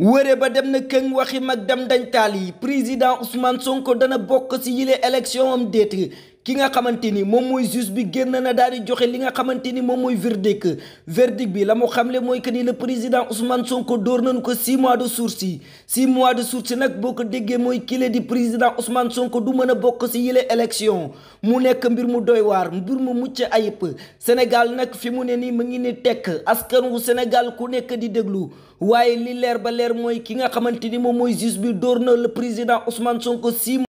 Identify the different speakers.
Speaker 1: wëre ba dem na këng waxi mag dem dañ taal yi président Ousmane Sonko dana bokk ci yile élection am déet ki nga xamanteni mom moy mooy juge bi génn na daal joxe li nga xamanteni mom moy verdict verdict bi la xamle moy que ni le président Ousmane Sonko door nañ ko six mois de sursis six mois de sursis nak boko ko moy mooy di président Ousmane Sonko du mëna bokk yile élection mu nekk mbir mu doy war mbir mu mucc ayep Sénégal nak fi mu né ni mu ngi ni tekk askan wu Sénégal ku nekk di déglu waaye li lèr ba lèr moy ki nga xamanteni mom moy bi door na le président Ousmane Sonko 6